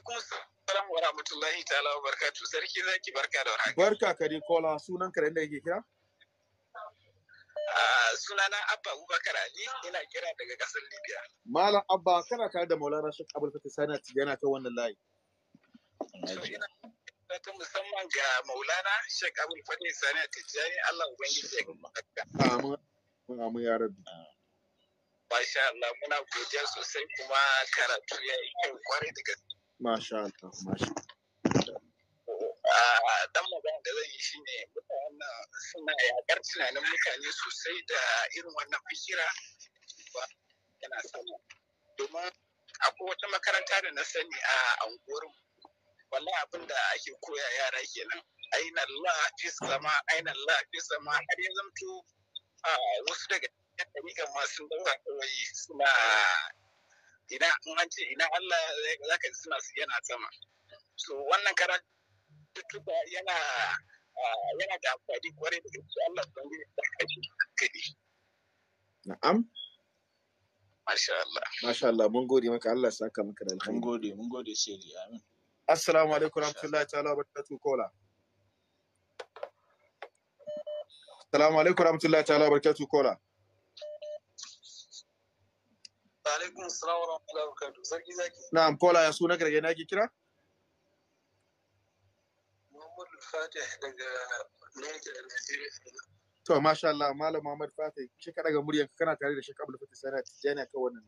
alaikum salam wa rahmatullahi ta'ala wa barakatuh sarki zaki barka da warhaka barka ka dai kola sunan ka da yake kira ah, sunana abba abubakar ali ina kira daga kasar libya malam abba kana tare da maulana shek abul fatih sani tijana ta wannan layi ta musamman ga maulana shek abul fatih sani tijani allah ubangiji ya kuma amin amin ya rabbi Masha Allah muna godiya sosai kuma karatu ya yi kyau kwarai da gaske. Masha Allah, masha ah, Dan magana da zan yi shi ne mutane suna yaƙar tunanin mutane sosai da irin wannan fikira ba yana samu. Domin akwai wata makaranta da na sani a anguwarin wallahi abin da ake koya yara kenan aina Allah fi sama aina Allah fi sama har ya zamto ah, wasu daga ɗan ɗariƙan masu ɗaura kawai suna ina an ce ina Allah za ka suna yana sama so wannan karatuka yana yana da amfani kwarai da gaske Allah don yi da kashi gari na'am Masha Allah. Masha Allah, mun gode maka Allah saka maka da alkhairi. Mun gode, mun gode sai amin. Assalamu alaikum warahmatullahi ta'ala barakatuh kola. Assalamu alaikum warahmatullahi ta'ala barakatuh kola. Alaikum salam wa Sarki zaki. Na'am, kola ya suna na ke kira? Muhammadu Fatih daga Niger Nigeria. To masha Allah, Malam Muhammad Fatih, shi ka daga muryanka kana tare da shi Abdul Fatih ta jana kan wannan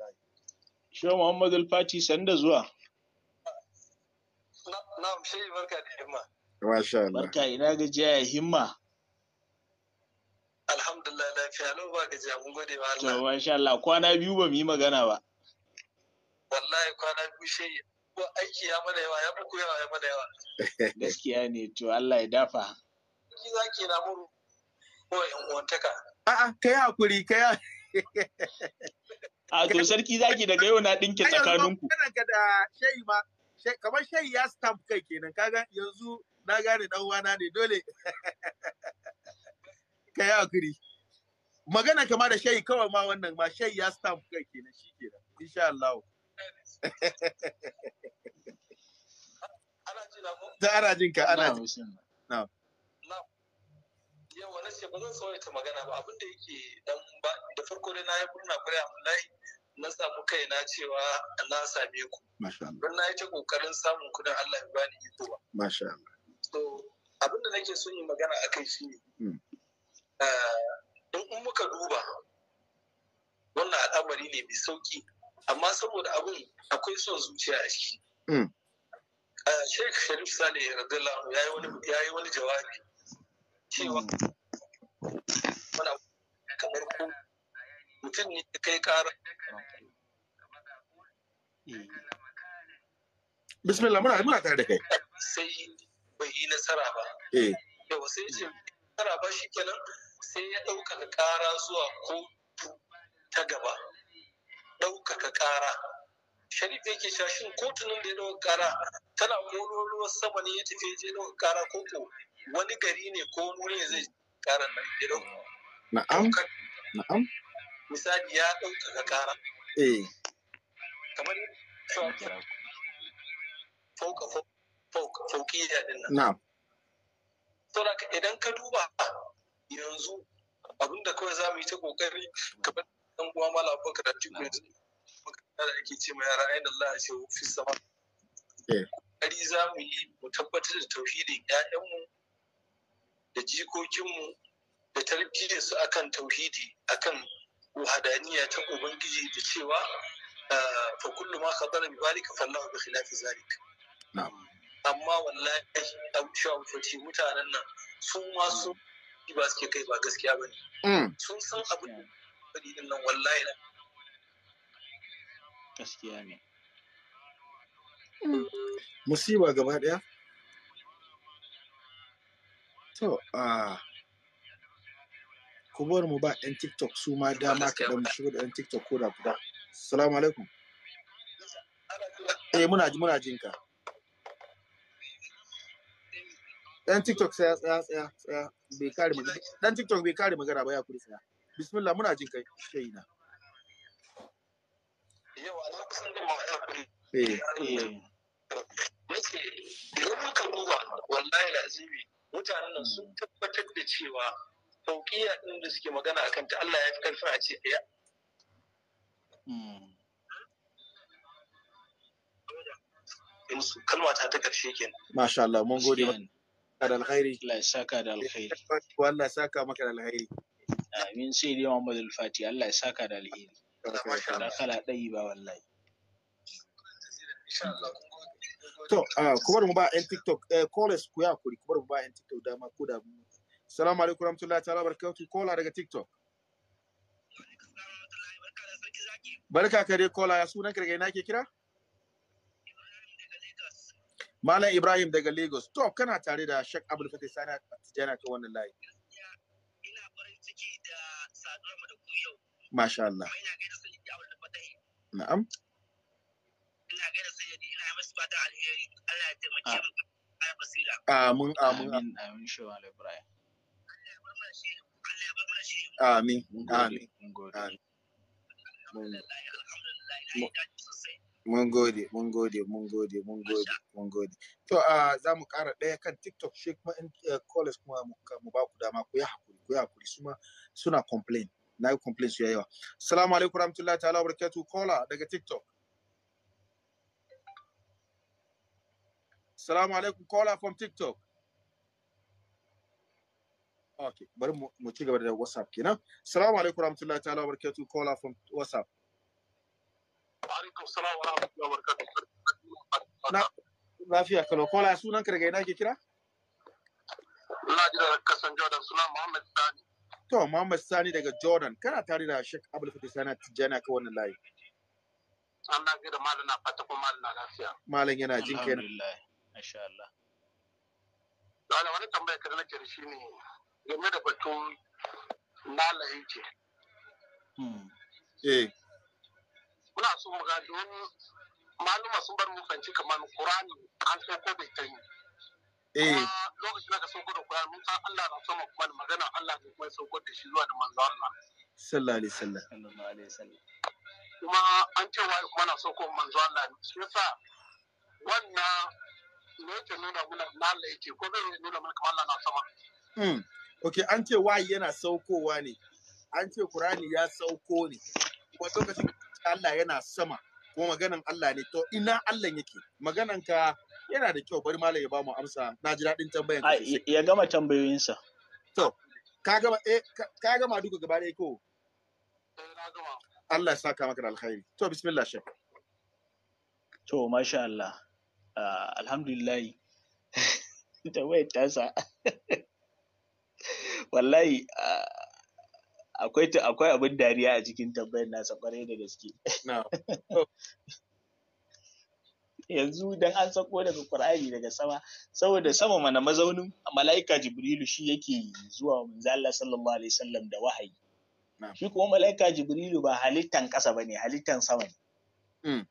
layi. sanda zuwa. Masha Allah. Barka ina gajiya ya himma. Alhamdulillah lafiya lau ba gajiya mun gode wa Allah. Yawwa insha Allah kwana biyu ba mu yi magana ba. Wallahi kwana biyu sai ko aiki ya mana yawa ya muku yawa ya mana yawa. Gaskiya ne to Allah ya dafa. Ki zaki na muru ko in uwantaka. A'a kai hakuri kai A to sarki zaki daga yau na dinke tsakaninku. Kana ka da shayi ma kamar shayi ya stamp kai kenan kaga yanzu na gane dan uwana ne dole. ka yi hakuri magana kama da shayi kawai ma wannan ma shayi ya stamp kai kenan shi nan. insha Allah ta ana jin ka ana jin na yawa na ce ba zan sauya ta magana ba abin da yake dan ba da farko dai na yi murna kwarai alhamdulillah na samu kai na cewa na same ku don na yi ta kokarin samun kudin Allah ya bani iko ba masha Allah To abin da nake son yi magana akai shi ne hmm. Eh, in muka duba wannan al'amari ne mai sauki amma saboda abin akwai son zuciya a shi. Hmm. Eh, sheikh sharif Sani radiyallahu ya yi wani jawabi cewa mana kamar ku mutum ne ya kai kara bismillah muna muna tare da kai sai bai yi nasara ba eh yawa sai ce nasara ba shi kenan sai ya ɗaukaka ƙara zuwa kotu ta gaba ɗaukaka ƙara sharif yake shashin shin kotunan da ya ɗauka ƙara tana mololuwar sama ne ya tafi je ɗauka ƙara ko ko wani gari ne ko wuri ne zai ƙara nan ya ɗauka na'am na'am misali ya ɗaukaka ƙara eh kamar fauka fauka fauki ya dinnan na'am idan ka duba yanzu abin da kawai za mu yi ta kokari kamar dan uwa malam ko da ne. yanzu da ake ce ma yara ayin Allah ya ce fi sama eh. kokari za mu yi mu tabbatar da tauhidin ƴaƴanmu da jikokinmu da tarbiyyar su akan tauhidi akan wahadaniya ta ubangiji da cewa ah, fa kullu ma khadara bi zalika fallahu bi khilafi na'am amma wallahi abu shawo mutanen nan sun ma ba suke kai ba gaskiya ba ne. Mm. Sun san abu da din nan wallahi na. Gaskiya ne. Mm. Musiba gaba ɗaya? To, a ku bar mu ba ɗan TikTok su ma dama kaɗan mu shigo da ɗan TikTok ko da guda. Salamu alaikum. Eh muna ji muna jinka. dan tiktok ya tsaya tsaya tsaya bai kare magana dan tiktok bai kare magana ba ya kuri tsaya bismillah muna jin kai kai na yau ana kusan da magana kuri eh, eh. eh. nace idan kan duba wallahi lazimi mutanen nan sun tabbatar da cewa fauƙiya ɗin da suke magana a kanta Allah ya fi karfin a ce ɗaya. Hmm. Kalma ta ta ƙarshe kenan. Masha Allah, mun gode. saka da alkhairi Allah ya saka da alkhairi Allah ya saka maka da alkhairi amin sai dai Muhammad al-Fati Allah ya saka da alkhairi da kala dai ba wallahi to ah, kuma mu ba yan TikTok eh callers ku ya kuri kuma mu ba yan TikTok dama ku da mu assalamu alaikum warahmatullahi ta'ala barakatuh caller daga TikTok barka ka dai kola ya sunan ka daga ina ke kira Malam Ibrahim daga Lagos. To kana tare da Sheikh Abdul Fatih Sani Tijjana ta wannan layi. Ina farin ciki da saduwar mu da ku yau. Masha Allah. Ina gaida Abdul Fatih. Na'am. Ina gaida ina masu alheri. Allah ya taimake mu basira. Ah. Amin amin amin amin Ibrahim. Allah ya shi. Amin amin. Mun gode. Alhamdulillah alhamdulillah. Mun gode, mun gode, mun gode, mun gode, mun gode. To a za mu ƙara ɗaya kan TikTok shi kuma in eh, college kuma mu ba ku dama ku yi hakuri, ku yi hakuri suma suna complain. Na yi complain su yawa. Salamu alaikum rahmatullahi ta'ala wa barakatuh kola daga TikTok. Salamu alaikum kola from TikTok. Ok, bari mu ci gaba da WhatsApp kenan. Salamu alaikum rahmatullahi ta'ala wa barakatuh kola from WhatsApp. alaikum salam wa rahmatullahi wa barakatuh lafiya kalau kola sunan ka n'a ina ke kira ina jira da kasan jordan sunan muhammad sani to muhammad sani daga jordan kana tare da shek abul fatih sana tijjani ka wannan layi Allah gaida malam na fata ko malam na lafiya malam yana jin kai alhamdulillah masha Allah Dole wani tambaya kada nake da shi ne game da batun na lahince. Hmm. Eh. muna so mu ga domin maluma sun bar mu fanci kamar Qur'ani an sauko bai ta yi. Eh. Lokacin da ka sauko da Qur'ani mun san Allah na sama kuma da magana Allah ne kuma sauko da shi zuwa da manzo Allah. Sallallahu alaihi wasallam. Sallallahu alaihi wasallam. Kuma an ce wa kuma na sauko manzo Allah ne. Shi yasa wannan ne yake nuna mana Allah yake ko bai nuna mana kamar Allah na sama. Mm. an ce wayi yana saukowa ne. An ce Qur'ani ya sauko ne. lokacin Allah yana sama kuma maganan Allah ne to ina Allah yake maganan ka yana da kyau bari malam ya ba mu amsa na ji daɗin tambayan ka ya gama tambayoyinsa to ka gama eh ka gama duka gaba ɗaya ko eh, Allah ya saka maka da alkhairi to bismillah shek to masha Allah uh, ah, Ta tambayar tasa wallahi ah, akwai akwai abin dariya a cikin tambayar nasa kwarai da gaske yanzu dan an sako daga Qur'ani daga sama saboda sama mana mazaunin mala'ika Jibrilu shi yake zuwa manzo sallallahu alaihi wasallam da wahayi shi kuma mala'ika Jibrilu ba halittan ƙasa bane halittan sama ne hmm.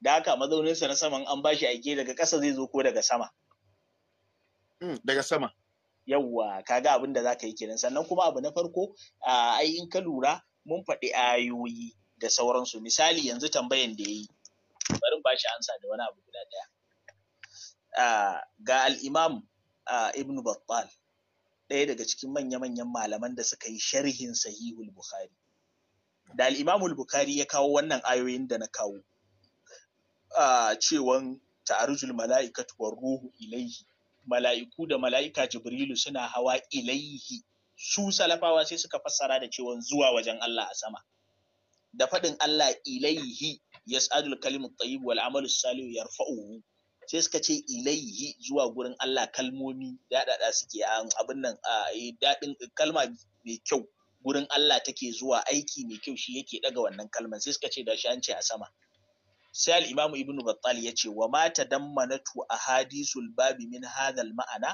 da haka mazauninsa na saman an bashi aike daga ƙasa zai zo ko daga sama hmm, daga sama yawwa kaga abin da zaka yi kenan sannan kuma abu na farko ai in ka lura mun faɗi ayoyi da sauransu misali yanzu tambayan da yayi bari ba shi ansa da wani abu guda ɗaya ga al-imam ibn battal ɗaya daga cikin manya-manyan malaman da suka yi sharhin sahihul bukhari da al al bukhari ya kawo wannan ayoyin da na kawo cewan ta'arujul mala'ikatu war ruhu ilaihi mala'iku da mala'ika Jibrilu suna hawa ilaihi su salafawa sai suka fassara da cewa zuwa wajen Allah a sama da faɗin Allah ilaihi yas'alul kalimut tayyib wal amalus salih yarfa'uhu sai suka ce ilaihi zuwa gurin Allah kalmomi daɗaɗa suke a abin nan eh, daɗin kalma mai kyau gurin Allah take zuwa aiki mai kyau shi yake ɗaga wannan kalman sai suka ce da shi an ce a sama sai al-imamu ibnu battal ya ce wa ma a hadisul babi min hadhal ma'ana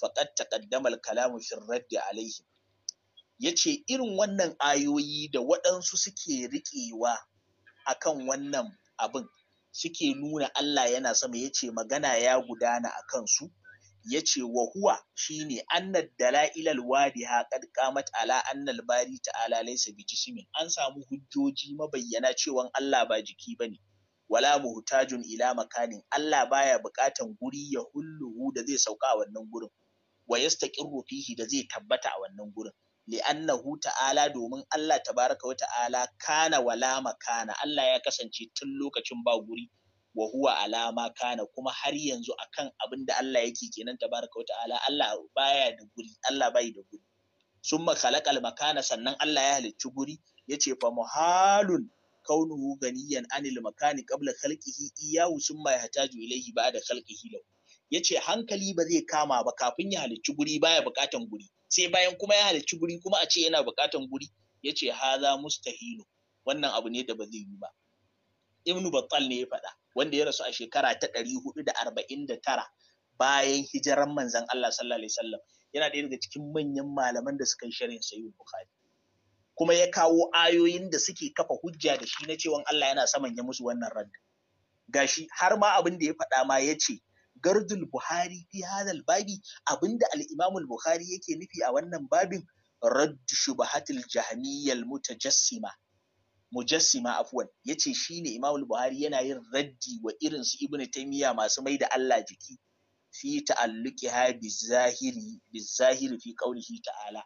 faqad taqaddama al-kalamu fi raddi alayhi yace irin wannan ayoyi da waɗansu suke riƙewa akan wannan abin suke nuna Allah yana sama yace magana ya gudana akan su yace wa huwa shine annad dalailal wadiha qad qamat ala al bari ta'ala laysa bi jismin an samu hujjoji mabayyana cewa Allah ba jiki bane wala muhtajun ila makanin Allah baya buƙatan guri ya hulluhu da zai sauka a wannan gurin wa yastaqirru fihi da zai tabbata a wannan gurin li'annahu ta'ala domin Allah tabaraka wa ta'ala kana wala makana Allah ya kasance tun lokacin ba guri wa huwa alama kana kuma har yanzu akan abinda Allah yake kenan tabaraka wa ta'ala Allah baya da guri Allah bai da guri summa khalaqal makana sannan Allah ya halicci guri yace fa muhalun kaunuhu ganiyan anil makani qabla khalqihi iyahu summa yahtaju ilayhi ba'da khalqihi law yace hankali ba zai kama ba kafin ya halicci guri baya bukatan guri sai bayan kuma ya halicci guri kuma a ce yana bukatan guri yace haza mustahilu wannan abu ne da ba zai yi ba ibnu battal ne ya faɗa wanda ya rasu a shekara ta ɗari hudu da arba'in da tara bayan hijiran manzon Allah sallallahu alaihi wasallam yana ɗaya daga cikin manyan malaman da suka yi shirin sayyid bukhari kuma ya kawo ayoyin da suke kafa hujja da shi na cewa Allah yana saman ya musu wannan radda gashi har ma abin da ya faɗa ma ya ce gardul buhari fi hadal babi abinda al-imam al yake nufi a wannan babin radd shubahatil jahmiyyal mutajassima mujassima afwan yace shine imam al-buhari yana yin raddi wa irin su ibnu masu mai da Allah jiki fi ta'alluqiha bizahiri bizahiri fi qawlihi ta'ala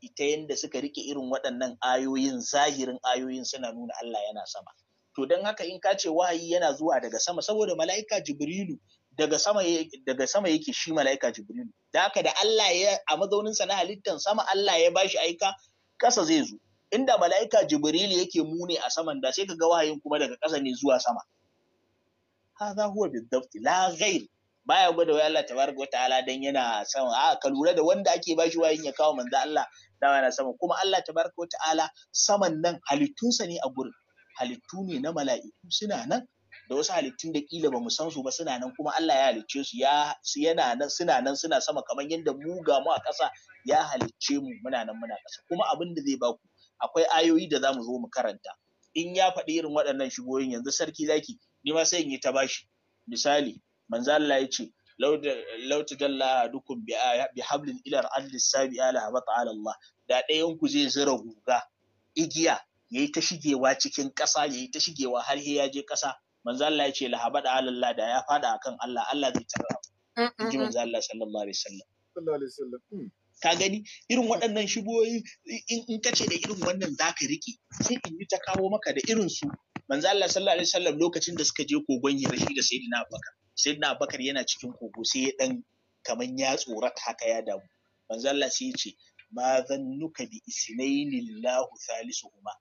ita yadda suka rike irin waɗannan ayoyin zahirin ayoyin suna nuna Allah yana sama to don haka in ka ce wahayi yana zuwa daga sama saboda mala'ika jibrilu daga sama daga sama yake shi mala'ika jibrilu da haka da Allah ya a mazaunin na halittan sama Allah ya bashi aika kasa zai zo inda mala'ika jibrilu yake mune a saman da sai ka ga wahayin kuma daga kasa ne zuwa sama hadha huwa bidabti la baya gwada wai Allah tabaraka wataala dan yana sama a ka lura da wanda ake bashi wayin ya kawo manzo Allah dawa yana sama kuma Allah tabaraka wataala saman nan halittunsa ne a gurin halittu ne na mala'iku suna nan da wasu halittun da kila ba mu san su ba suna nan kuma Allah ya halicce su ya yana nan suna nan suna sama kamar yadda mu ga mu a ƙasa ya halicce mu muna nan muna ƙasa kuma abin da zai ba ku akwai ayoyi da zamu zo mu karanta in ya faɗi irin waɗannan shigoyin yanzu sarki zaki ni ma sai in yi ta bashi misali manzo Allah ya ce law tajalla dukum bi bi hablin ilar ardi sabi ala wa ta'ala Allah da ɗayan ku zai zira guga igiya yayi ta shigewa cikin ƙasa yayi ta shigewa har ya je ƙasa manzo Allah ya ce la habada ala Allah da ya fada akan Allah Allah zai tarra mm, inji mm, manzo mm. Allah sallallahu alaihi wasallam sallallahu alaihi wasallam hmm. ka gani irin waɗannan shigoyi in ka ce da irin wannan za ka riƙe sai in yi ta kawo maka da irin su manzo Allah sallallahu alaihi wasallam lokacin da suka je kogon hira shi da sayyidina Abubakar sai na bakar yana cikin kogo sai ya dan kaman ya tsorata haka ya damu manzo Allah sai ya ce ma zannuka bi isnaini Salisu salisuhuma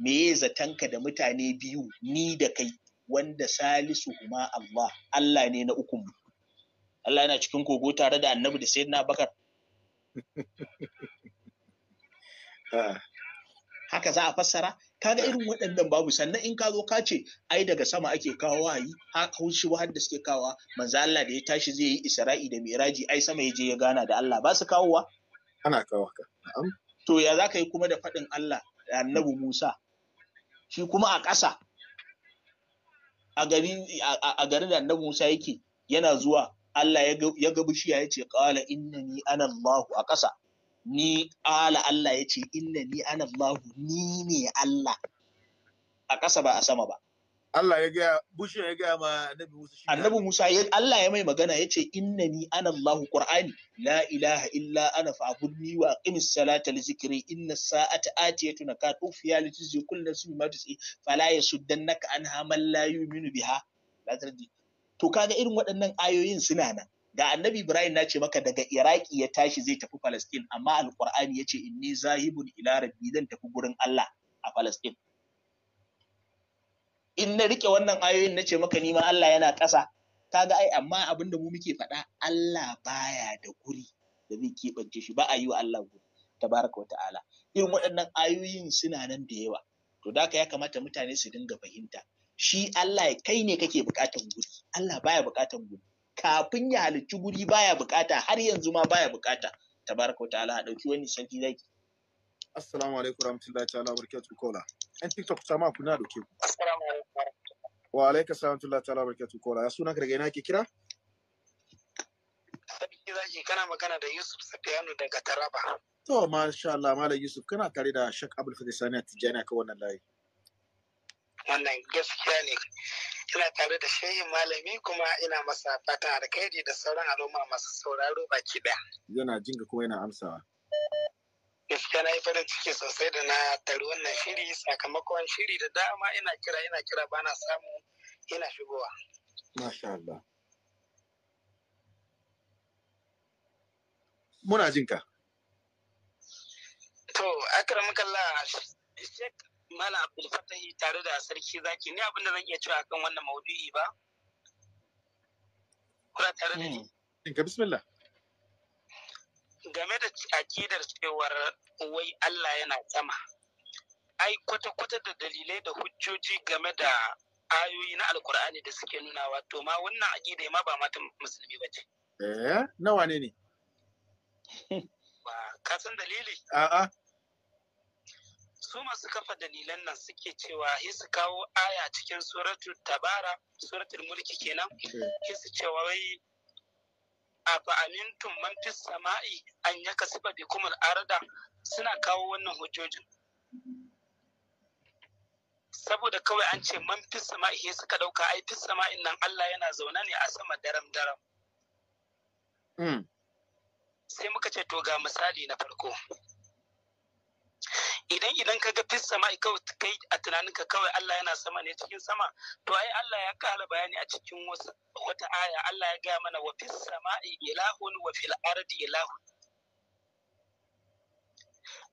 me ya zatanka da mutane biyu ni da kai wanda Salisu salisuhuma Allah Allah ne na ukun Allah yana cikin kogo tare da annabi da sayyidina Bakar ah. haka za a fassara kaga irin waɗannan babu sannan in ka zo ka ce ai daga sama ake kawo wahayi haushi wahar da suke kawa manzo Allah da ya tashi zai yi Isra'i da Miraji ai sama ya je ya gana da Allah ba su kawowa ana kawo ka to ya za ka yi kuma da faɗin Allah da annabi Musa shi kuma a ƙasa a gari a gari da annabi Musa yake yana zuwa Allah ya ga bishiya ya ce qala innani ana Allahu a ƙasa ni ala Allah ya ce inna ni ana Allahu ni ne Allah a ƙasa ba a sama ba Allah ya gaya bushin ya gaya ma annabi Musa shi annabi Musa ya Allah ya mai magana ya ce inna ni ana Allahu Qur'ani la ilaha illa ana fa'budni wa aqimis salata li zikri inna sa'ata atiyatu nakatu fi yalati zi kullu nafsin ma tusi fala yasuddannaka anha man la yu'minu biha to kaga irin waɗannan ayoyin suna nan Da annabi ibrahim na ce maka daga iraki ya tashi zai tafi falastin amma alqur'ani ya ce inni zahibun ila rabbi zan tafi gurin allah a palestine in na rike wannan ayoyin na ce maka nima allah yana ƙasa ga ai amma abin da mu muke faɗa allah baya da guri da zai keɓance shi ba a yi wa allah guri tabaraka wata'ala irin waɗannan ayoyin suna nan da yawa to da ya kamata mutane su dinga fahimta shi allah kai ne kake buƙatan guri allah baya buƙatan guri kafin ya halicci guri baya bukata har yanzu ma baya bukata tabaraka wa ta'ala dauki wani sarki zaki assalamu alaikum warahmatullahi ta'ala barakatuh kola an tiktok sama kuna da ke assalamu wa alaikum assalamu ta'ala ta'ala barakatuh kola ya sunan daga ina ke kira sarki zaki kana magana da yusuf sabiyanu daga taraba to masha Allah malam yusuf kana tare da shak abul fadisani tijani akan wannan layi wannan gaskiya ne ina tare da shehin malami kuma ina masa fatan alkhairi da sauran al'umma masu sauraro baki daya yana ka kuma yana amsawa gaskiya na yi farin ciki sosai da na taru wannan shiri sakamakon shiri da dama ina kira ina kira bana samu ina shigowa masha Allah muna jinka to akram kallah Malam Abdul Fatahi tare da sarki zaki ni abin zan iya cewa akan wannan maudu'i ba. Kura tare da ni? Hmm. Ga bismillah. Game da akidar cewar wai Allah yana sama. Ai kwata-kwata da dalilai da hujjoji game da ayoyi na Alkur'ani da suke nuna wato ma wannan akida ma ba mata musulmi ba ce. Eh, nawa ne ne? Ba, ka dalili? A'a. su masu kafa dalilan nan suke cewa sai su kawo aya cikin suratul tabara suratul mulki kenan sai su cewa wai afa amintum man fis sama'i an sifa bi al-arda suna kawo wannan hujjojin saboda kawai an ce man fis sama'i sai suka dauka ai fis sama'in nan Allah yana zaune ne a sama daram daram hmm. sai muka ce to ga misali na farko idan idan ka ga fis sama kai a tunanin ka kawai Allah yana sama ne cikin sama to ai Allah ya kala bayani a cikin wata aya Allah ya ga mana wa fis sama ilahun wa fil ardi ilahun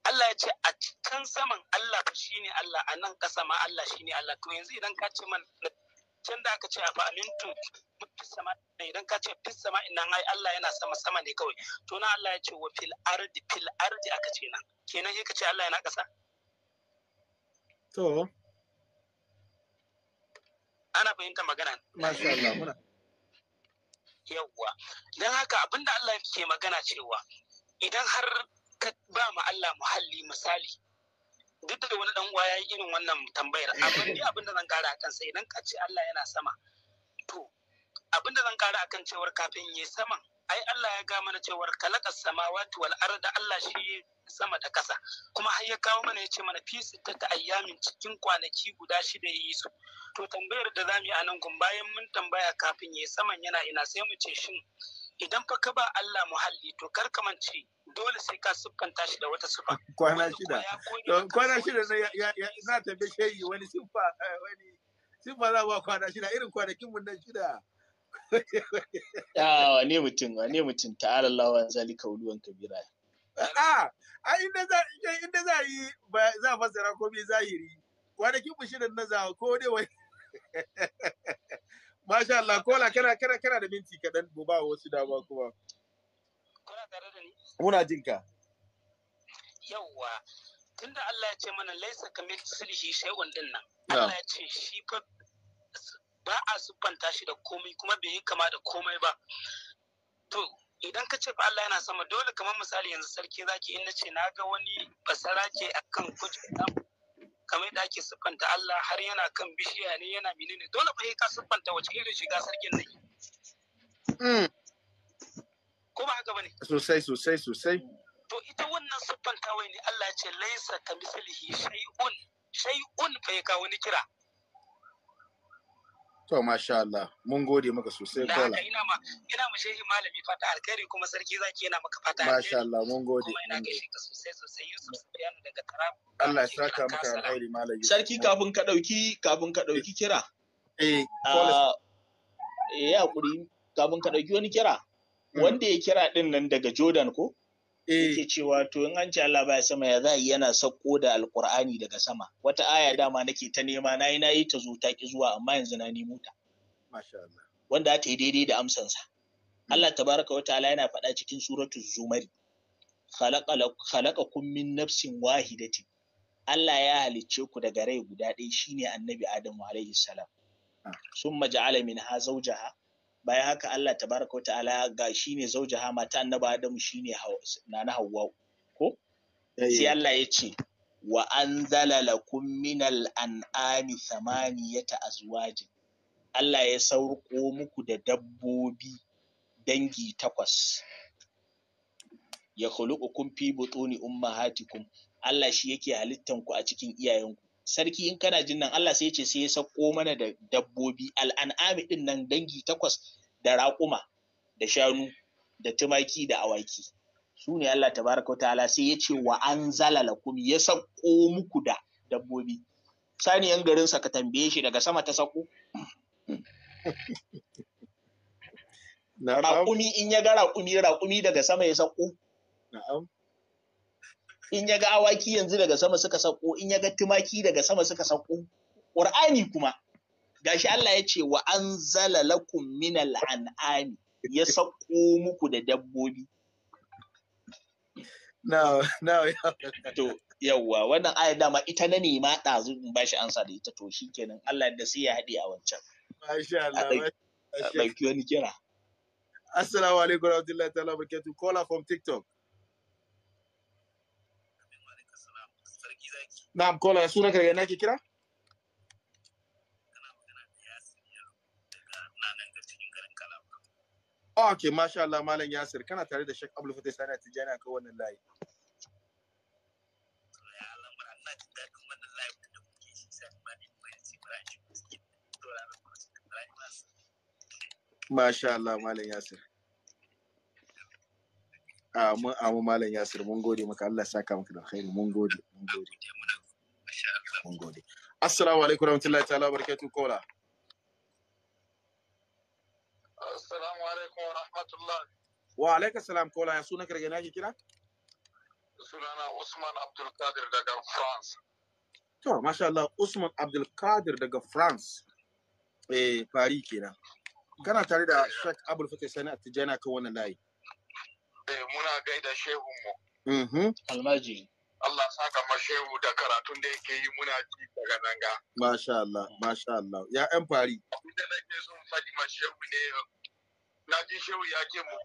Allah ya ce a cikin saman Allah shine Allah a nan ƙasa ma Allah shine Allah to yanzu idan ka ce mana can da aka ce a fa'amintu sama idan ka ce fi sama nan ai Allah yana sama sama ne kawai to na Allah ya ce wa fil ardi fil ardi aka ce nan kenan sai ka ce Allah yana ƙasa to ana fahimta magana masha Allah muna yawwa dan haka abinda Allah ke magana cewa idan har ka ba ma Allah muhalli misali duk da wani dan uwa ya yi irin wannan tambayar amma ni abin zan kara akan sai idan ka ce Allah yana sama to abin da zan kara akan cewar kafin yi saman ai Allah ya ga mana cewar kalaka samawati wal arda Allah shi sama da kasa kuma har ya kawo mana ya ce mana ta sittata ayyamin cikin kwanaki guda shida yayi su to tambayar da zamu yi a nan gun bayan mun tambaya kafin yi saman yana ina sai mu ce shin idan fa ka ba Allah muhalli to kar ka mance dole sai ka siffanta shi da wata siffa kwana shida kwana shida na ya na tabe shayi wani siffa eh, wani siffa za ba kwana shida irin kwanakin mun nan shida ya wane mutum wane mutum ta'ala Allah wa zalika uluwan kabira a ah, ah, inda za inda za yi za fasara komai zahiri kwanakin mu shirin na za ko dai wai Masha Allah, kola kana kana kana da minti kaɗan mu ba wasu dama kuma. tare da ni? Muna jin ka. Yawwa, tunda Allah ya ce mana laisa kamar sulhi shay'un din nan. Allah ya ce shi fa ba a siffanta shi da komai kuma bai yi kama da komai ba. To, idan ka ce fa Allah yana sama dole kamar misali yanzu sarki zaki in nace na ga wani basara ke akan kujera kamar da ake siffanta Allah har yana kan bishiya ne yana menene dole fa ka siffanta wace irin shiga sarkin nan. sosai sosai sosai to ita wannan siffan tawai ne Allah ce laisa ka mislihi shay'un shay'un fa ya kawo kira to masha Allah mun gode maka sosai kola ina ma ina ma shehi malami fata alkhairi kuma sarki zaki yana maka fata alkhairi masha Allah mun gode kuma ina gaishe ka sosai sosai Yusuf Sufyan daga Tarab Allah ya saka maka alkhairi malami sarki kafin ka dauki kafin ka dauki kira eh kola ah, eh hakuri kafin ka dauki wani kira Mm. wanda ya kira din nan daga Jordan ko? Eh. Yake cewa to in an ci Allah baya sama ya zai yana sauko da Alkur'ani daga sama. Wata aya dama nake ta nema na yi na yi ta zo ta ki zuwa amma yanzu na nemo ta. Wanda ta yi daidai da amsansa. Mm. Allah tabaraka wa ta'ala yana faɗa cikin suratu Zumari. Khalaqakum min nafsin wahidatin. Allah ya halicce ku daga rai guda ɗaya shine Annabi Adamu alaihi salam. Ah. Summa ja'ala minha zawjaha bayan haka Allah ta tabaraka ta'ala ga shine zaujaha mata shi Adamu na na hawa ko eh, sai eh. Allah ya ce wa anzala lakum minal an'ami thamaniyata azwajin Allah ya sauko muku da dabbobi dangi takwas ya khuluqukum fi butuni ummahatikum Allah shi yake halittan ku a cikin iyayenku sarki in kana jin nan Allah sai ya ce sai ya sako mana da dabbobi al'an'ami din nan dangi takwas da raƙuma da shanu da tumaki da awaki su ne Allah tabaraka wa ta'ala sai ya ce wa an lakum ya sako muku da dabbobi yan garin sa ka tambaye shi daga sama ta sako raƙumi in ya ga raƙumi raƙumi daga sama ya sako na'am in ya ga awaki yanzu daga sama suka sauko in ya ga tumaki daga sama suka sauko ƙur'ani kuma gashi Allah ya ce wa anzala lakum minal al'ani ya sauko muku da dabbobi no no to yawwa wannan aya dama ita na ne ma ɗazu in ba shi ansa da ita to shikenan Allah da sai ya haɗe a wancan masha Allah ɗauki wani kira assalamu alaikum rahmatullahi ta'ala barakatuh caller from tiktok Na'am kola sunan ka na ke kira? Ok, masha Allah Malam Yasir, kana tare da Sheikh Abdul Fatih Sani Tijjani akan wannan layi. Masha Allah Malam Yasir. amu, amu, Malam Yasir, mun gode maka Allah saka maka da khairi, mun gode, mun gode. mun gode assalamu alaikum warahmatullahi ta'ala barakatuh kola assalamu alaikum warahmatullahi wa alaikum salam kola ya suna karge nake kira sunana usman abdul kadir daga france to masha Allah usman abdul kadir daga france eh fari kenan kana tare da shek abul fatih sani a tijjani kan wannan layi eh muna gaida shehun mu mm-hmm. almajiri Allah saka mashehu da karatun da yake yi muna ji daga nan ga. Masha Allah, masha Allah. Ya ƴan fari. Abinda ke son faɗi mashehu ne na ji shehu ya ce mu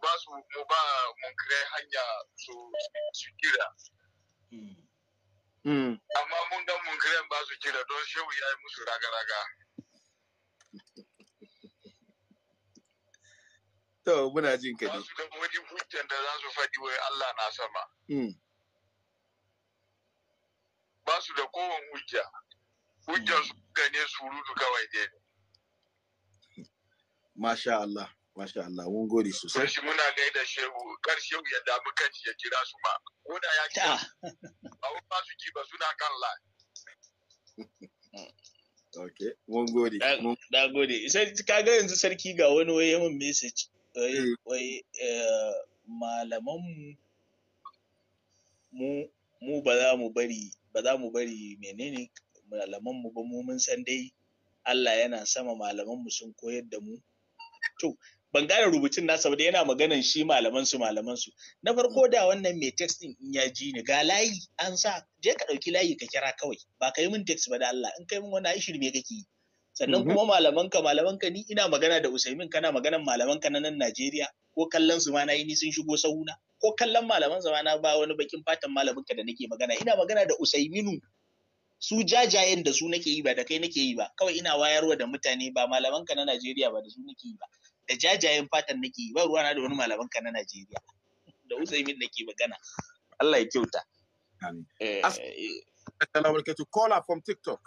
ba su mu ba mun kai hanya su su kira. Hmm. Hmm. Amma mun ga mun kiran ba su kira don shehu ya yi musu raga-raga. To muna jin ka ne. Ba su da wani hujjan da za su faɗi wai Allah na sama. Hmm. ba su da kowane hujja hujjar su gane surutu kawai dai masha Allah masha Allah mun gode sosai shi muna gaida shehu kar shehu ya damu kanci ya kira su ma ko da ya kira ah. ba ba su ji ba suna kan la Ok, mun gode da gode sai kaga yanzu sarki ga wani waye mun message wai hmm. eh, malaman mu mu ba za mu bari ba za mu bari menene malamanmu ba mu mun san dai Allah yana sama malamanmu sun koyar da mu to ban gane rubutun nasa ba yana maganan shi malaman su malaman su na farko da wannan mai text din in ya ji ni ga layi an sa je ka dauki layi ka kira kawai ba ka yi min text ba da Allah in kai min wani ai shirme kake yi sannan mhm. kuma malamanka malamanka ni ina magana da Usaimin kana maganan malamanka na nan Najeriya ko kallon su ma na yi ni sun shigo sauna ko kallon malaman na ba wani bakin fatan malamin ka da nake magana ina magana da usaiminu su jajayen da su nake yi ba da kai nake yi ba kawai ina wayarwa da mutane ba malaman ka na Najeriya ba da su nake yi ba da jajayen fatan nake yi ba ruwa na da wani malaman ka na Najeriya da usaimin nake magana Allah ya kyauta eh, Assalamu alaikum caller from TikTok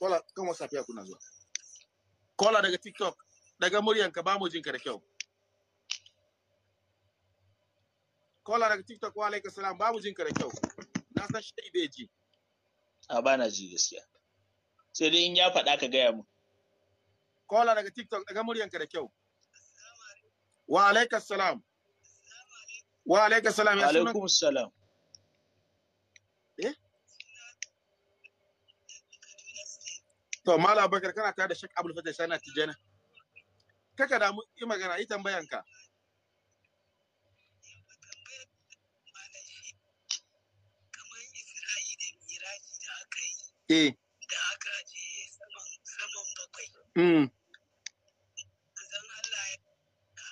Kola kan WhatsApp ya kuna zuwa kola daga TikTok daga muryanka ba mu jinka da kyau kola daga tiktok wa alaikum salam babu jinka da kyau na san shi bai ji a ba na ji gaskiya sai dai in ya faɗa ka gaya mu kola daga tiktok daga muryanka da kyau wa alaikum salam wa alaikum salam ya sunan alaikum salam eh to mala Abubakar kana tare da shek abdul fatah sana tijana kaka damu yi magana yi tambayanka ka eh da aka je saman saman bakwai mm zan Allah ya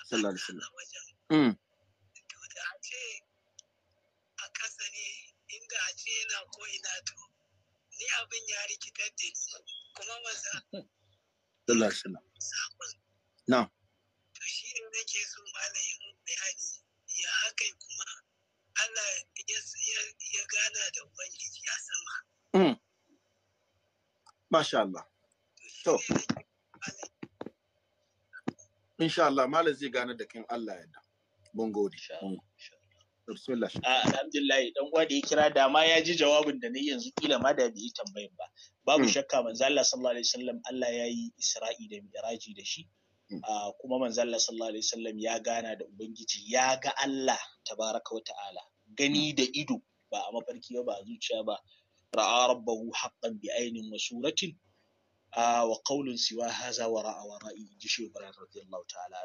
sallallahu alaihi wasallam mm to da a ce a kasa ne inda a ce yana ko ina to ni abin ya rikitar da ni kuma maza sallallahu alaihi wasallam na'am to shi ne nake so malamin bayani ya haka kuma Allah ya gana da Ubangiji a sama. Mm. Masha so To. Insha Allah, Malam zai gane da kin Allah yadda. Mun gode. Bismillah. Alhamdulillah, dan uwa da ya kira da ma ya ji jawabin da ni yanzu kila ma da bai yi tambayin ba. Babu hmm. shakka manzala sallallahu alaihi wasallam Allah ya yi Isra'i da Mi'raji da shi. Hmm. kuma manzala sallallahu alaihi wasallam ya gana da Ubangiji ya ga Allah tabaraka wa ta'ala gani hmm. da ido ba a mafarki ba ba a zuciya ba ra'a rabbahu haqqan bi ainin siwa haza wa ra'a wa ra'i ji shi ibrahim radiyallahu ta'ala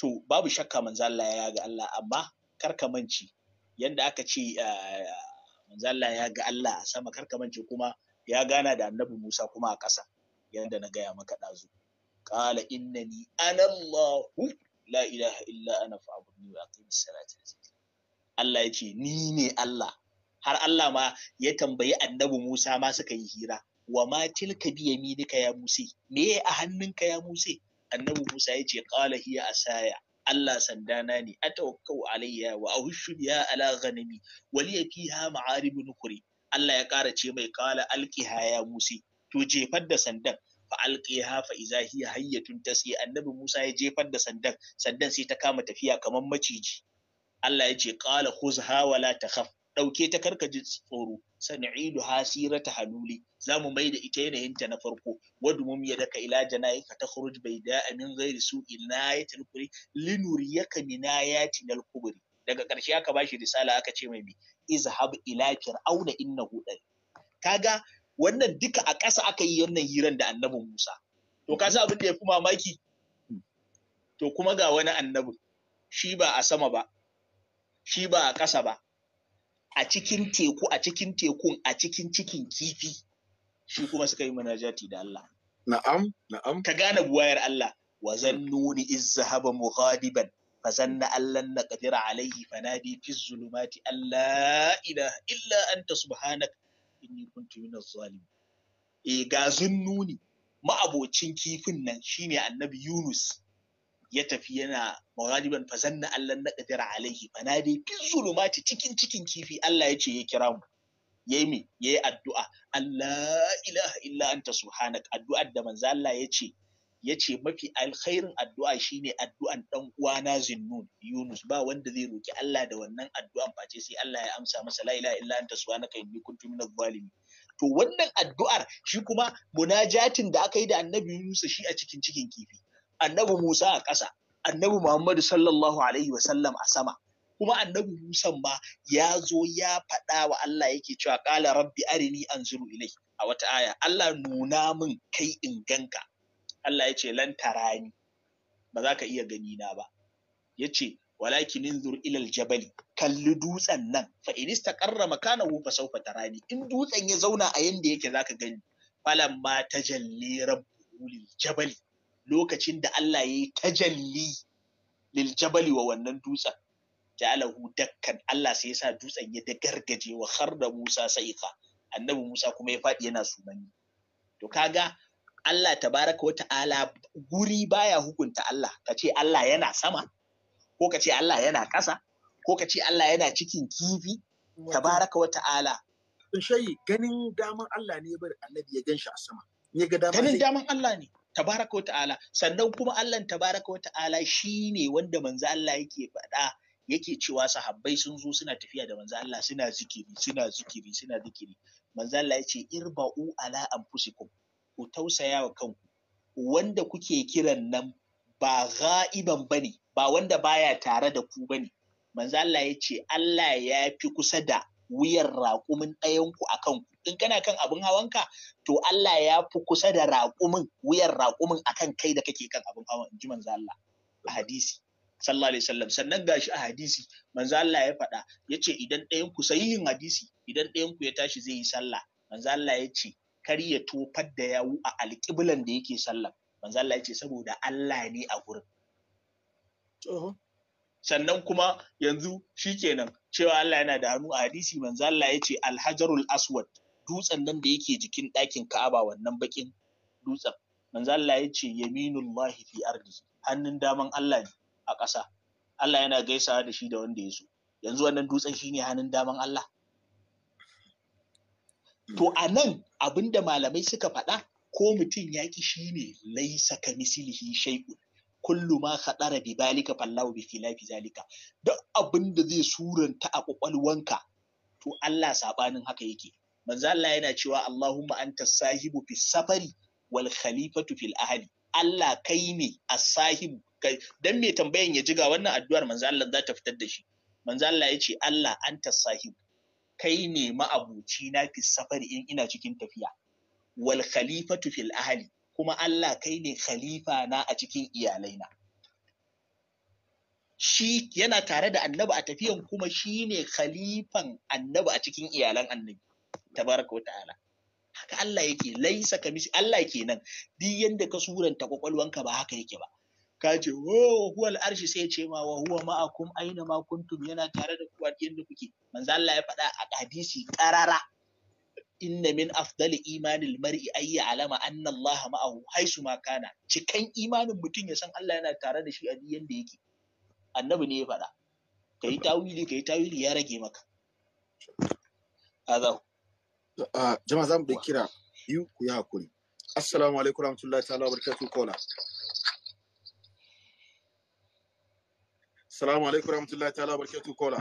to babu shakka manzo Allah ya ga Allah amma kar ka manci yanda aka ce ah, manzo Allah ya ga Allah a sama kar ka manci kuma ya gana da annabi Musa kuma a ƙasa yanda na gaya maka ɗazu qala innani ana illa ana Allah ya ce ni ne Allah har Allah ma ya tambayi annabi Musa ma suka yi hira wa ma tilka bi yaminika ya Musa me a hannunka ya Musa annabi Musa ya ce qala hiya asaya Allah sandana ne atawakkau alayya wa ahushu ya ala ghanami waliya fiha ma'aribu nukuri Allah ya ƙara ce mai kala alƙiha ya musi to jefar da sandan fa alƙiha fa iza hiya hayyatun tasi annabi Musa ya jefar da sandan sandan sai ta kama tafiya kamar maciji Allah ya ce kala khuzha wa la takhaf ɗauke ta karka ji tsoro san'idu hasira ta haluli za mu mai da ita yanayin ta na farko wadu mum ya daka ila ka ta khuruj bai da amin ghairi su ina ya tilkuri linuriyaka min ya al-kubri daga ƙarshe aka ba shi risala aka ce mai bi Iza habu ila fir'auna innahu Ka kaga wannan duka a ƙasa aka yi wannan hiran da annabin Musa to ka abin da ya fi mamaki to kuma ga wani annabin shi ba a sama ba shi ba a ƙasa ba a cikin teku a cikin tekun a cikin cikin kifi shi kuma suka yi munajati da Allah na'am na'am ka gane buwayar Allah wa zannuni iz zahaba mughadiban fa zanna allan naqdira alayhi fanadi fi zulumati alla ila illa anta subhanaka inni kuntu minaz zalim e eh, ga zunnuni ma'abocin kifin nan shine annabi Yunus ya tafi yana maghaliban fa zanna Allah na qadira alaihi dai, fi zulumati cikin cikin kifi Allah ya ce ya kira mu yi ya yi addu'a Allah ilaha illa anta subhanak addu'ar da manzo Allah ya ce ya ce mafi alkhairin addu'a shine addu'an dan uwana Zinnun Yunus ba wanda zai roki Allah da wannan addu'an face sai Allah ya amsa masa la ilaha illa anta subhanaka inni kuntu na zalimin to wannan addu'ar shi kuma munajatin da aka yi da Annabi Yunus shi a cikin cikin kifi annabi Musa a ƙasa annabi Muhammadu sallallahu alaihi wasallam a sama kuma annabi Musa ma ya zo ya faɗa wa Allah yake cewa ƙala rabbi arini anzuru ilai a wata aya Allah nuna min kai in ganka Allah yace ce lan tarani ba za ka iya gani na ba ya ce walakin inzur ilal jabali kalli dutsen nan fa in istaqarra makanahu fa sawfa tarani in dutsen ya zauna a yanda yake zaka gani falamma tajalli rabbul jabali lokacin da Allah ya yi tajalli lil jabali wa wannan dutsen ja'alahu dakkan Allah sai ya sa dutsen ya da gargaje wa da Musa sa'iqa annabi Musa kuma ya faɗi yana sumani to kaga Allah tabaraka wa ta'ala guri baya hukunta Allah ka ce Allah yana sama ko ka ce Allah yana ƙasa ko ka ce Allah yana cikin kifi tabaraka wa ta'ala shayi ganin daman Allah ne ya bar annabi ya gan shi a sama ganin daman Allah ne tabaraka wa ta'ala sannan kuma Allah tabaraka wa ta'ala shine wanda manzo Allah yake faɗa yake cewa sahabbai sun zo suna tafiya da manzo Allah suna zikiri suna zikiri suna zikiri manzo Allah ya irba'u ala anfusikum ku tausaya wa kanku wanda kuke kiran nan ba ga'iban bane ba wanda baya tare da ku bane manzo Allah ya Allah ya fi kusa da wuyar raƙumin ɗayanku a kanku in kana kan abin hawanka to Allah ya fi kusa da raƙumin wuyan raƙumin akan kai da kake kan abin hawan ji manzo Allah a hadisi sallallahu alaihi wasallam sannan gashi a hadisi manzo Allah ya faɗa yace idan ɗayan ku yin hadisi idan ɗayan ku ya tashi zai yi sallah manzo Allah ya ce kar ya tofar da yawu a alƙiblan da yake sallah manzo Allah ya saboda Allah ne a gurin sannan kuma yanzu shikenan cewa Allah yana da hannu a hadisi manzo Allah ya ce alhajarul aswad dutsen nan da yake jikin ɗakin Ka'aba wannan baƙin dutsen manzo Allah ya ce yaminullahi fi ardi hannun daman Allah ne a ƙasa Allah yana gaisawa da shi da wanda ya so yanzu wannan dutsen shine hannun daman Allah to a nan abinda malamai suka faɗa ko mutum ya ki shine laisa ka mislihi shay'un kullu ma khadara bi balika fallahu bi khilafi zalika duk abinda zai suranta a kwakwalwanka to Allah sabanin haka yake manzo Allah yana cewa Allahumma anta sahibu fi safari wal khalifatu fil ahli Allah kai ne as-sahibu kai dan me tambayan ya jiga wannan addu'ar manzo Allah za ta fitar da shi manzo Allah ya ce Allah anta sahibu kai ne ma'abuci na fi safari in ina cikin tafiya wal khalifatu fil ahli kuma Allah kai ne khalifa na a cikin iyalaina shi yana tare da annabi a tafiyan kuma shi ne khalifan annabi a cikin iyalan annabi tabaraka ta'ala haka Allah yake laisa ka mishi Allah kenan duk yanda ka suranta kwakwalwanka ba haka yake ba ka ce oh huwal arshi sai ce ma wa huwa ma'akum aina ma kuntum yana tare da kuwa yanda kuke manzo Allah ya faɗa a hadisi qarara inna min afdali imanil mar'i ayya alama anna Allah ma'ahu haisu ma kana cikan imanin mutum ya san Allah yana tare da shi a duk yanda yake annabi ne ya faɗa kai tawili kai tawili ya rage maka azau Ah, jama'a za mu da kira biyu ku yi hakuri assalamu alaikum rahmatullahi ta'ala barakatuh kola assalamu alaikum rahmatullahi ta'ala barakatuh kola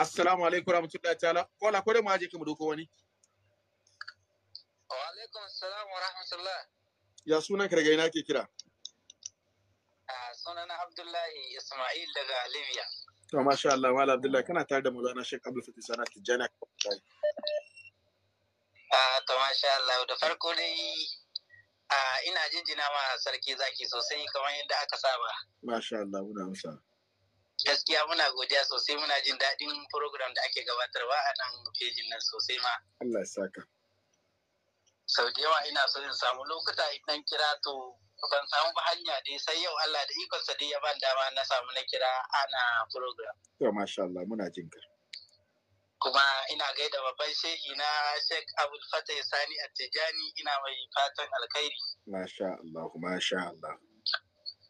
assalamu alaikum rahmatullahi ta'ala kola ko dai mu aje ki doko wani wa alaikum assalam rahmatullahi. ya sunan karga na ke kira ah, sunana abdullahi ismail daga libya To masha Allah Mala Abdullahi kana tare da Maulana Sheikh Abdul Fatih Sana Tijjani a Kwakwai. To masha Allah da farko dai ina jinjina ma sarki zaki sosai kamar yadda aka saba. Masha Allah muna musa. Gaskiya muna godiya sosai muna jin daɗin program da ake gabatarwa a nan pejin nan sosai ma. Allah ya saka. sau da yawa ina so in samu lokuta idan kira to ban samu ba hanya dai sai yau Allah da ikonsa dai ya ban dama na samu na kira ana program. To masha Allah muna jin ka. Kuma ina gaida babban shehi na Sheikh Abdul Fatah Sani tijani, ina mai fatan alkhairi. Masha Allah masha Allah.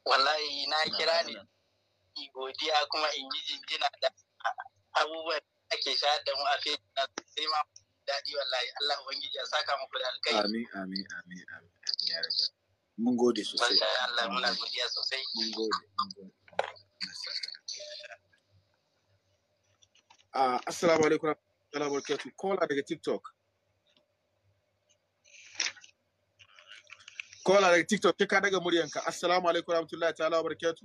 Wallahi na kira ne godiya kuma in yi jinjina da abubuwan ake shahar da mu a na, sai ma daɗi wallahi Allah ubangiji ya saka muku da alkai amin amin amin amin ya raja mun gode sosai wallahi Allah muna godiya sosai mun gode mun gode Uh, assalamu alaikum warahmatullahi wabarakatuh kola daga tiktok kola daga tiktok ka daga muryanka assalamu alaikum warahmatullahi ta'ala wabarakatuh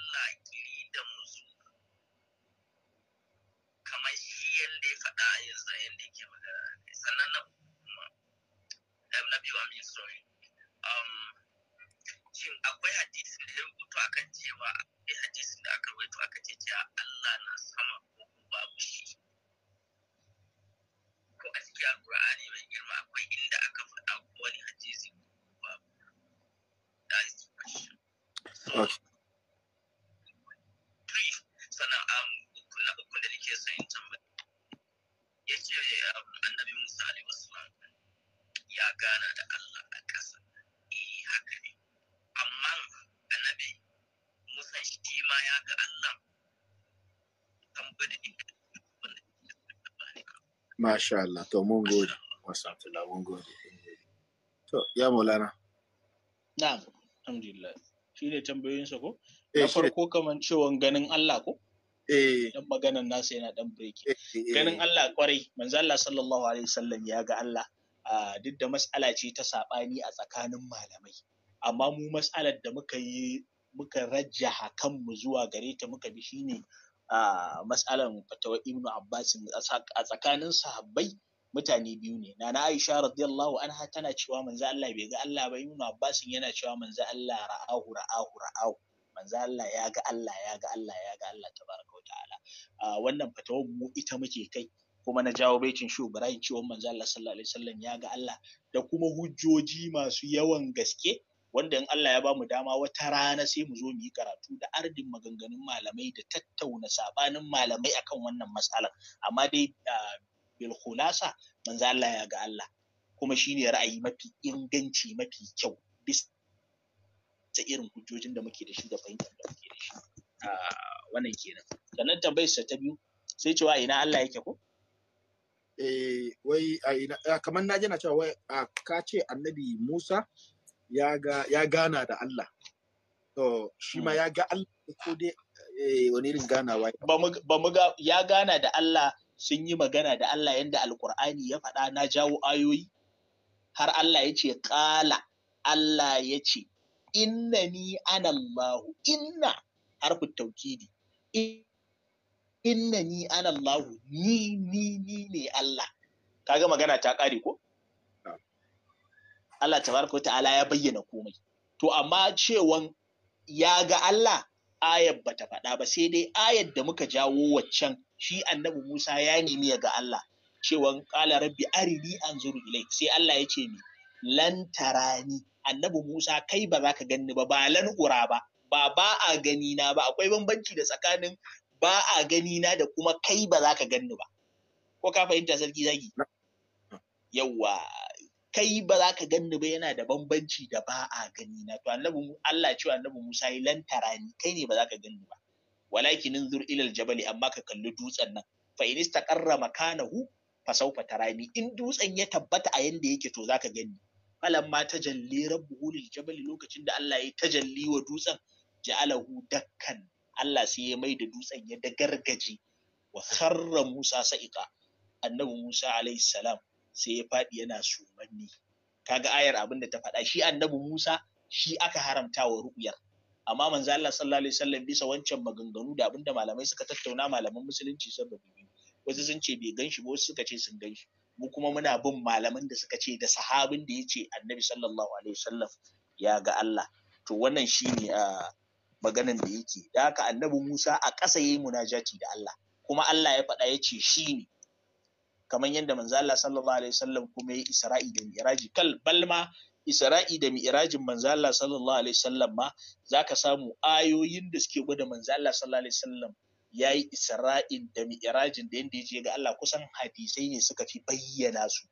sa yadda ke magana sannan na kuma um, na biyu a min sorry um, shin akwai hadisin da ya rubutu akan cewa akwai hadisin da aka rubutu aka ce cewa Allah na sama ko babu shi ko a cikin alkur'ani mai girma akwai inda aka faɗa ko wani hadisi ko babu that is the question Masha Allah, to mun gode. Wasatullah, mun gode. To, ya Maulana. Na, alhamdulillah. Shi ne tambayoyin sa ko? Eh, Na farko kaman cewan ganin Allah ko? Eh. dan maganan nasa yana dan breaki. Eh, eh, ganin Allah kwarai manzo Allah sallallahu alaihi wasallam ya ga Allah duk da mas'ala ce ta sabani a tsakanin malamai amma mu mas'alar da muka yi muka rajjaha kanmu zuwa gare ta muka bi shine a matsalan fatawa ibnu abbas a tsakanin sahabbai mutane biyu ne nana aisha radiyallahu anha tana cewa manzo Allah bai ga Allah ba ibnu abbas yana cewa manzo Allah ra'ahu ra'ahu ra'ahu manzo Allah ya ga Allah ya ga Allah ya ga Allah tabaraka wa ta'ala wannan fatawar mu ita muke kai kuma na jawo baitin shu barayin cewa manzo Allah sallallahu alaihi wasallam ya ga Allah da kuma hujjoji masu yawan gaske wanda in Allah ya ba mu dama wata rana sai mu zo mu yi karatu da ardin maganganun malamai da tattauna sabanin malamai akan wannan matsalar amma dai bil khulasa manzo Allah ya ga Allah kuma shine ra'ayi mafi inganci mafi kyau bisa irin hujjojin da muke da shi da fahimtar da muke da shi wannan kenan sannan tambayar ta biyu sai cewa ina Allah yake ko eh wai a ina kamar na jina cewa wai ka ce annabi Musa ya gana da Allah to shi ma hmm. ya ga Allah ko dai eh, wani irin ganawa ba mu ga ya gana da Allah sun yi magana da Allah yanda alkur'ani ya faɗa na jawo ayoyi har Allah ya ce ƙala Allah ya ce inna ni anallahu inna harfin taukidi innani anallahu ni ni ni ne Allah Ka ga magana ta ƙare ko Allah tabaraka wa ta'ala ya bayyana komai to amma cewan ya ga Allah ayar ta faɗa ba sai dai ayar da muka jawo waccan shi annabi Musa ya nemi ya ga Allah cewan ƙala rabbi arini anzuru ilai sai Allah ya ce mi lan tarani annabi Musa kai ba za ka ganni ba ba lan ƙura ba ba ba a gani na ba akwai bambanci da tsakanin ba a gani na da kuma kai ba za ka ganni ba ko ka fahimta sarki zagi yawwa kai ba za ka ganni ba yana da bambanci da ba a gani na to annabi Allah cewa annabi Musa yi lantara ni kai ne ba za ka ganni ba walakin zur ilal jabali amma ka kalli dutsen nan fa in istaqarra makanahu fa sawfa tarani in dutsen ya tabbata a yanda yake to za ka ganni falamma tajalli rabbuhu lil jabali lokacin da Allah ya tajalli wa dutsen ja'alahu dakkan Allah sai ya mai da dutsen ya dagargaje wa kharra Musa sa'iqa annabi Musa alaihi salam sai ya faɗi yana sumanni kaga ayar abin da ta faɗa shi annabi Musa shi aka haramta wa ru'yar amma manzo Allah sallallahu alaihi wasallam bisa wancan maganganu da abinda da malamai suka tattauna malaman musulunci saboda biyu wasu sun ce bai ganshi ba wasu suka ce sun ganshi mu kuma muna bin malaman da suka ce da sahabin da yace ce annabi sallallahu alaihi wasallam ya ga Allah to wannan shine a maganan da yake da haka annabi Musa a ƙasa yayi munajati da Allah kuma Allah ya faɗa yace ce shi ne kamar yadda manzo Allah sallallahu alaihi wasallam kuma yi isra'i da mi'raji kal balma isra'i da mi'rajin manzo Allah sallallahu alaihi wasallam ma zaka samu ayoyin da suke gwada manzo Allah sallallahu alaihi wasallam yayi isra'in da mi'rajin da yanda yaje ga Allah kusan hadisai ne suka fi bayyana su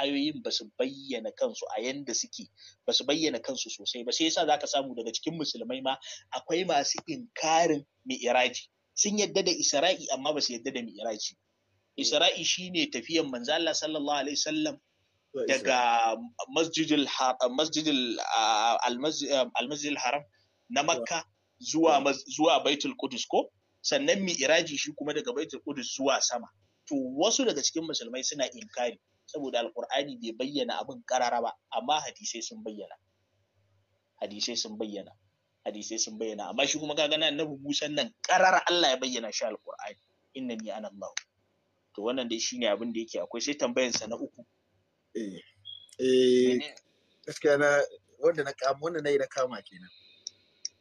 ayoyin ba su bayyana kansu a yanda suke ba su bayyana kansu sosai ba sai yasa zaka samu daga cikin musulmai ma akwai masu inkarin mi'raji sun yadda da isra'i amma ba su yadda da mi'raji Isra'i shine tafiyan manzo Allah sallallahu alaihi wasallam daga masjidil um, masjidil haram na makka zuwa zuwa baitul qudus ko sannan iraji shi kuma daga baitul qudus zuwa sama to wasu daga cikin musulmai suna inkari saboda alqur'ani bai bayyana abin karara ba amma hadisai sun bayyana hadisai sun bayyana hadisai sun bayyana amma shi kuma kaga nan annabi Musa nan karara Allah ya bayyana shi alqur'ani innani ana Allah to wannan dai shine abin da yake akwai sai sa na uku eh eh gaskiya na wanda na kama wanda na yi na kama kenan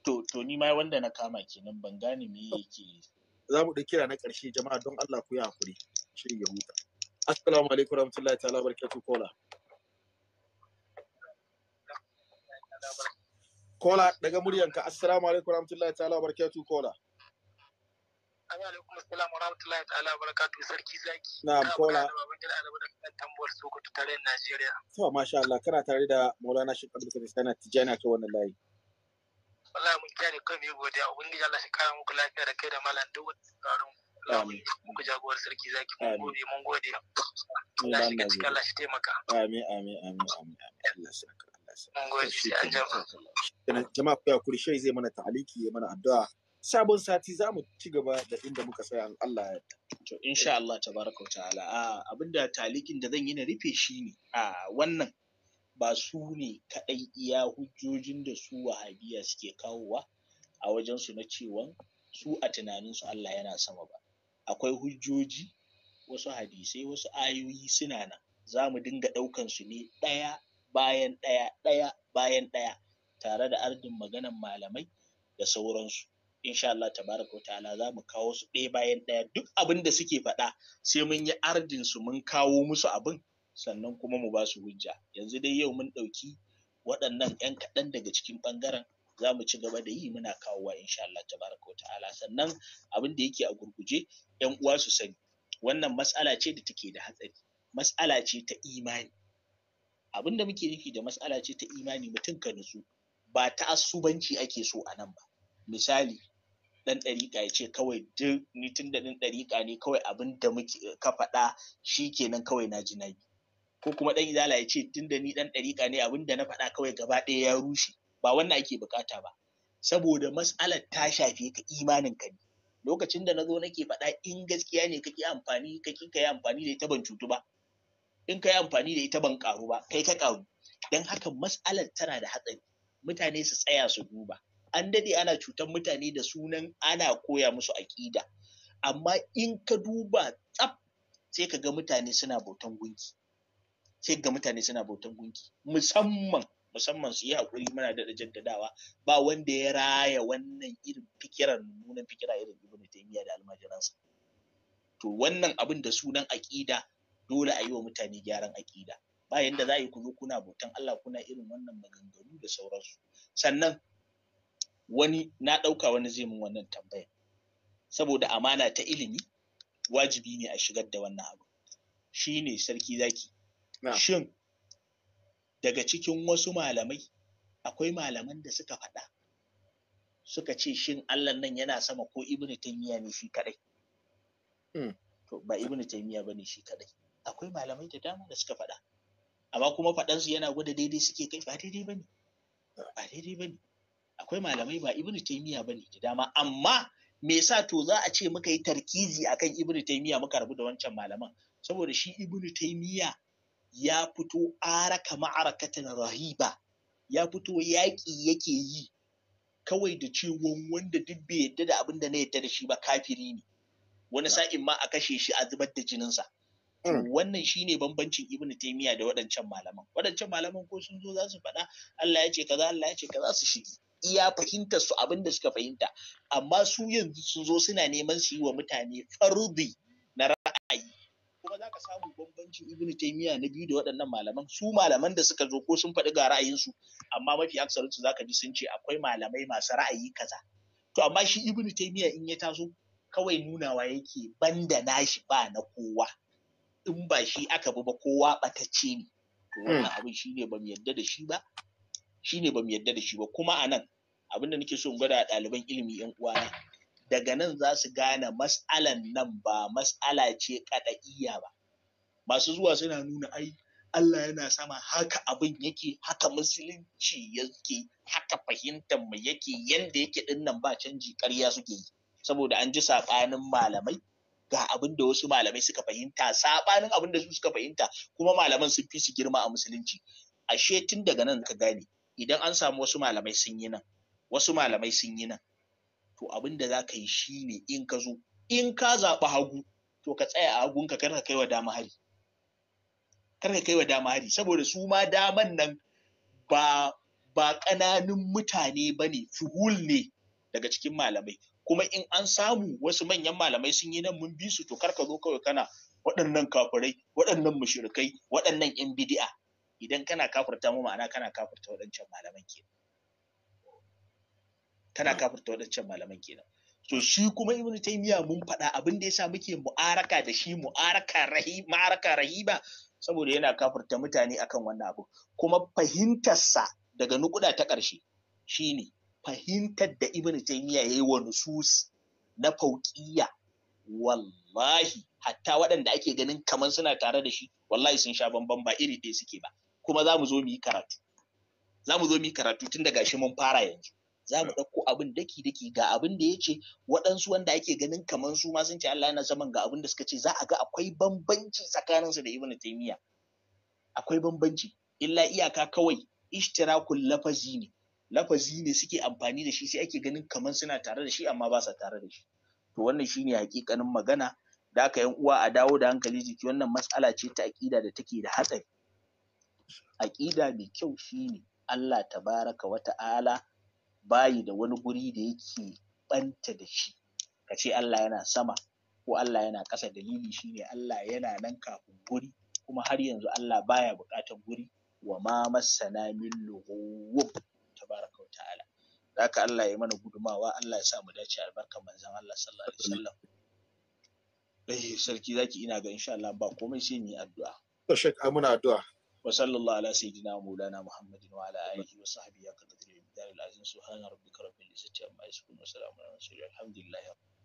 to to ni ma wanda na kama kenan ban gane me yake za mu kira na ƙarshe jama'a don Allah ku yi hakuri shirin ya huta assalamu alaikum warahmatullahi ta'ala barakatuh kola kola daga muryanka assalamu alaikum warahmatullahi ta'ala barakatuh kola alaikum assalam wa rahmatullahi ta'ala wa barakatuhu sarki zaki na'am kola da baban gida da kan tambuwar Sokoto tarayyar Najeriya to masha Allah kana tare da Maulana Sheikh Abdul Kadir Sana Tijani ta wannan layi wallahi mun kare kai mu godiya ubangiji Allah shi kara muku lafiya da kai da malam duk wani tsaron amin muku jagorar sarki zaki mun gode mun gode Allah shi ka Allah shi taimaka amin amin amin amin Allah shi Allah shi mun gode sai an jama'a jama'a ku ya zai mana ta'aliki ya mana addu'a sabon sati za mu ci gaba da inda muka tsaya Allah ya to insha Allah tabaraka wa ta'ala a abinda talikin da zan yi na rufe shi ne a wannan ba su ne kadai iya hujjojin da su wahabiya suke kawowa a wajen su na cewa su a tunanin su Allah yana sama ba akwai hujjoji wasu hadisai wasu ayoyi suna nan za mu dinga ɗaukan su ne ɗaya bayan ɗaya ɗaya bayan ɗaya tare da ardin maganan malamai da sauransu insha Allah tabaraka wa ta'ala za mu kawo su ɗaya bayan ɗaya duk abin da suke faɗa sai mun yi ardin su mun kawo musu abin sannan kuma mu ba su hujja yanzu dai yau mun ɗauki waɗannan ƴan kaɗan daga cikin ɓangaren za mu ci gaba da yi muna kawowa insha Allah tabaraka wa ta'ala sannan abin da yake a gurguje ƴan uwa su sani wannan matsala ce da take da hatsari matsala ce ta imani abin da muke nufi da matsala ce ta imani mutum ka nutsu ba ta asubanci ake so a nan ba misali ɗan ɗariƙa ya ce kawai duk ni tun da ɗan ɗariƙa ne kawai abin da muke ka faɗa shi kenan kawai na ji na bi ko kuma ɗan izala ya ce tun da ni ɗan ɗariƙa ne abin da na faɗa kawai gaba ɗaya ya rushe ba wannan ake buƙata ba saboda mas'alar ta shafe ka imanin ka ne lokacin da na zo nake faɗa in gaskiya ne kake amfani kake ka yi amfani da ita ban cutu ba in ka yi amfani da ita ban ƙaru ba kai ka ƙaru don haka mas'alar tana da hatsari mutane su tsaya su duba an dade ana cutar mutane da sunan ana koya musu aƙida amma in ka duba tsaf sai ka ga mutane suna bautan gunki sai ga mutane suna bautan gunki musamman musamman su yi hakuri muna da jaddadawa ba wanda ya raya wannan irin fikirar nunan fikira irin ibn taymiya da almajiransa to wannan abin da sunan aƙida dole a yi wa mutane gyaran aƙida ba yanda za a yi ku zo kuna bautan Allah kuna irin wannan maganganu da sauransu sannan wani na ɗauka wani zai mun wannan tambayar saboda amana ta ilimi wajibi ne a shigar da wannan abu shi ne sarki zaki shin daga cikin wasu malamai akwai malaman da suka faɗa suka ce shin Allah nan yana sama ko ibnu taymiya ne shi kadai hmm. to ba ibnu taymiya bane shi kadai akwai malamai da dama da suka faɗa amma kuma faɗansu yana gwada daidai suke kai ba daidai bane ba daidai bane akwai malamai ba ibnu taymiya bane da dama amma me yasa to za a ce muka yi tarkizi akan ibnu taimiya muka rabu da wancan malaman saboda shi ibnu taimiya ya fito araka ma'arakatan rahiba ya fito yaƙi yake yi kawai da ciwon wanda duk bai yadda da abin da na yadda da shi ba kafiri ne wani sa'in ma a kashe shi a zubar da jininsa hmm. wannan shine bambancin ibnu taymiya da waɗancan malaman waɗancan malaman ko sun zo za su faɗa Allah ya ce kaza Allah ya ce kaza su shige iya fahimtar su abin da suka fahimta amma su yanzu sun zo suna neman su yi wa mutane fardi na ra'ayi kuma za ka samu bambancin ibnu taymiya na biyu da waɗannan malaman su malaman da suka zo ko sun faɗi ga ra'ayinsu amma mafi aksarin su zaka ji sun ce akwai malamai masu ra'ayi kaza to amma shi ibnu taymiya in ya taso kawai nunawa yake banda nashi ba na kowa in ba shi aka bi ba kowa ɓatacce ne to wannan hmm. abin shi ne ba mu yarda da shi ba shine ba mu yadda da shi ba kuma a nan abin da nake so in gwada a ɗaliban ilimi yan uwana daga nan za su gane mas'alan nan ba mas'ala ce kaɗa'iyya ba masu zuwa suna nuna ai Allah yana sama haka abin yake haka musulunci yake haka fahimtar mu yake yanda yake din nan ba canji ƙarya suke yi saboda an ji saɓanin malamai ga abin da wasu malamai suka fahimta saɓanin abin da su suka fahimta kuma malaman sun fi su girma a musulunci ashe tun daga nan ka gane idan an samu wasu malamai sun yi nan wasu malamai sun yi nan to abin da za ka yi shi ne in ka zo in ka zaɓi hagu to ka tsaya a hagunka kar ka kai wa dama hari kar ka kai wa dama hari saboda su ma daman nan ba ba ƙananun mutane ba ne fuhul ne daga cikin malamai kuma in an samu wasu manyan malamai sun yi nan mun bi su to kar ka zo kawai kana waɗannan kafirai waɗannan mushrikai waɗannan yan bidi'a idan kana kafurta mu ma'ana kana kafurta waɗancan malaman kenan kana kafurta waɗancan malaman kenan to shi kuma ibn taymiya mun faɗa abin da yasa muke mu'araka da shi mu'araka rahi mu'araka rahiba saboda yana kafurta mutane akan wannan abu kuma fahimtarsa daga nukuda ta ƙarshe shine fahimtar da ibn taymiya yayi wa nusus na fauqiyya wallahi hatta waɗanda ake ganin kamar suna tare da shi wallahi sun sha bamban ba iri ɗaya suke ba kuma za mu zo mu yi karatu za mu zo mu yi karatu tun daga shi mun fara yanzu za mu ɗauko abin daki daki ga abin da ya ce waɗansu wanda ake ganin kamar su ma sun ce Allah yana saman ga abin da suka ce za a ga akwai bambanci tsakaninsu da Ibn Taymiyyah akwai bambanci illa iyaka kawai ishtirakul lafazi ne lafazi ne suke amfani da shi sai ake ganin kamar suna tare da shi amma ba sa tare da shi to wannan shine hakikanin magana da aka yan uwa a dawo da hankali jiki wannan matsala ce ta aƙida da take da hatsari aƙida mai kyau shi ne Allah tabaraka wa ta'ala bayi da wani guri da yake ɓanta da shi ka ce Allah yana sama ko Allah yana ƙasa dalili shi ne Allah yana nan kafin guri kuma har yanzu Allah baya buƙatar guri wa ma masana min lughub tabaraka wa ta'ala haka Allah ya mana gudumawa Allah ya sa mu dace albarkar manzon Allah sallallahu alaihi wasallam eh sarki zaki ina ga insha Allah ba komai sai mu yi addu'a to ai muna addu'a وصلى الله على سيدنا ومولانا محمد وعلى آله وصحبه قدر الإمدار العزيز سبحان ربك رب العزة عما يصفون وسلام على المرسلين الحمد لله رب العالمين